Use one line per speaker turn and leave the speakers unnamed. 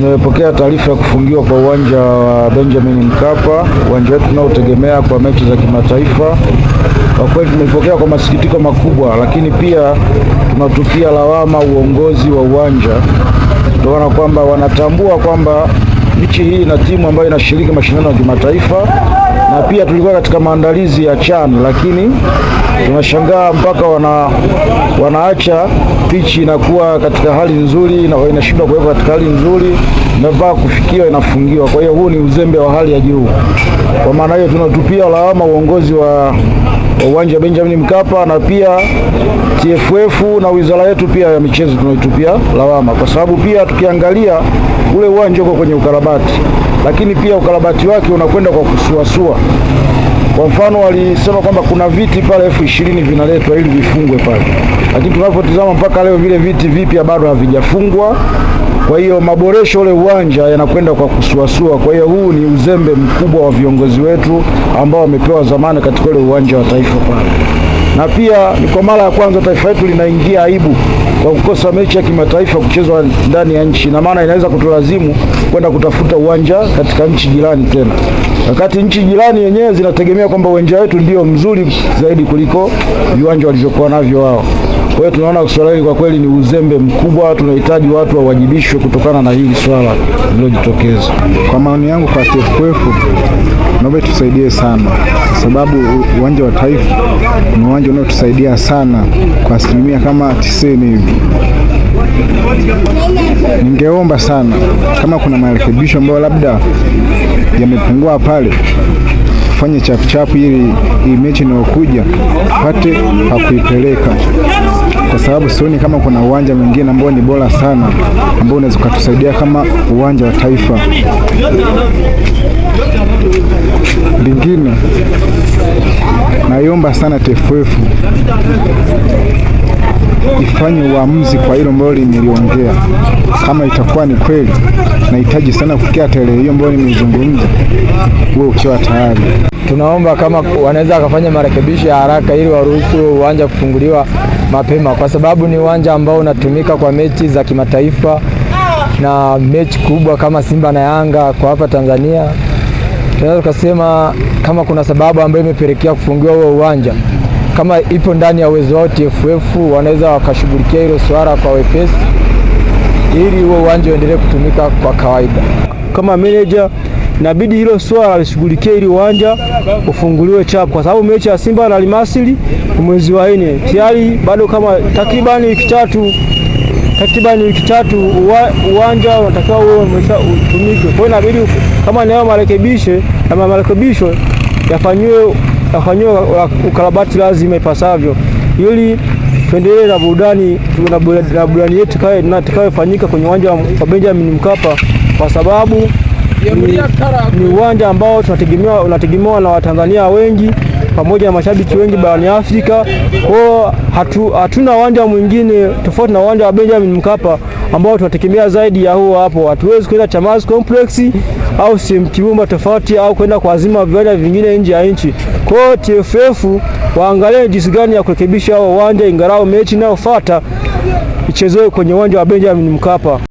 Tumepokea taarifa ya kufungiwa kwa uwanja wa Benjamin Mkapa, uwanja wetu tunaotegemea kwa mechi za kimataifa. Kwa kweli tumepokea kwa masikitiko makubwa, lakini pia tunatupia lawama uongozi wa uwanja kutokana kwamba wanatambua kwamba nchi hii ina timu ambayo inashiriki mashindano ya kimataifa na pia tulikuwa katika maandalizi ya CHAN, lakini tunashangaa mpaka wana, wanaacha pichi inakuwa katika hali nzuri na inashindwa kuwekwa katika hali nzuri imevaa kufikiwa inafungiwa. Kwa hiyo huu ni uzembe wa hali ya juu. Kwa maana hiyo tunatupia lawama uongozi wa uwanja wa Benjamin Mkapa na pia TFF na wizara yetu pia ya michezo tunaitupia lawama, kwa sababu pia tukiangalia ule uwanja uko kwenye ukarabati lakini pia ukarabati wake unakwenda kwa kusuasua. Kwa mfano walisema kwamba kuna viti pale elfu ishirini vinaletwa ili vifungwe pale, lakini tunapotizama mpaka leo vile viti vipya bado havijafungwa. Kwa hiyo maboresho ule uwanja yanakwenda kwa kusuasua. Kwa hiyo huu ni uzembe mkubwa wa viongozi wetu ambao wamepewa zamani katika ule uwanja wa taifa pale, na pia ni kwa mara ya kwanza taifa letu linaingia aibu kwa kukosa mechi ya kimataifa kuchezwa ndani ya nchi, na maana inaweza kutulazimu kwenda kutafuta uwanja katika nchi jirani tena, wakati nchi jirani yenyewe zinategemea kwamba uwanja wetu ndio mzuri zaidi kuliko viwanja walivyokuwa navyo wao. Kwa hiyo tunaona swala hili kwa kweli ni uzembe mkubwa, tunahitaji watu wawajibishwe kutokana na hili swala lililojitokeza.
Kwa maoni yangu, kwa TFF naomba tusaidie sana, kwa sababu uwanja wa Taifa ni uwanja unaotusaidia sana kwa asilimia kama tisini hivi. Ningeomba sana kama kuna marekebisho ambayo labda yamepungua pale fanye chapuchapu ili hii mechi inayokuja pate pa kuipeleka, kwa sababu sioni kama kuna uwanja mwingine ambao ni bora sana ambao unaweza ukatusaidia kama uwanja wa Taifa. Lingine naiomba sana TFF ifanye uamuzi kwa hilo ambalo limeliongea Kama itakuwa ni kweli, nahitaji sana kufikia tarehe hiyo ambayo nimezungumza, wewe ukiwa tayari.
Tunaomba kama wanaweza wakafanya marekebisho ya haraka ili waruhusu uwanja kufunguliwa mapema, kwa sababu ni uwanja ambao unatumika kwa mechi za kimataifa na mechi kubwa kama Simba na Yanga kwa hapa Tanzania. Tunaweza tukasema kama kuna sababu ambayo imepelekea kufungiwa huo uwanja kama ipo ndani ya uwezo wao, TFF wanaweza wakashughulikia hilo swala kwa wepesi, ili huo uwanja uendelee kutumika kwa kawaida.
Kama meneja inabidi hilo swala lishughulikie ili uwanja ufunguliwe chap, kwa sababu mechi ya Simba na Almasiri mwezi wa nne tayari, bado kama takribani wiki tatu, takribani wiki tatu uwanja unatakiwa uwe utumike. Kwa hiyo inabidi kama nayo marekebisho na marekebisho yafanyiwe afanyiwe ukarabati lazima ipasavyo, ili tuendelee na burudani na burudani yetu itakayofanyika kwenye uwanja wa Benjamin Mkapa, kwa sababu ni uwanja ambao unategemewa na Watanzania wengi pamoja na mashabiki wengi barani Afrika. Kwao hatu, hatuna uwanja mwingine tofauti na uwanja wa Benjamin Mkapa ambao tunategemea zaidi ya huo hapo. Hatuwezi kwenda Chamazi Complex au sehemu Kirumba tofauti au kwenda kuazima viwanja vingine nje ya nchi. Kwao TFF waangalie jinsi gani ya kurekebisha huo uwanja, ingalau mechi inayofuata ichezoe kwenye uwanja wa Benjamin Mkapa.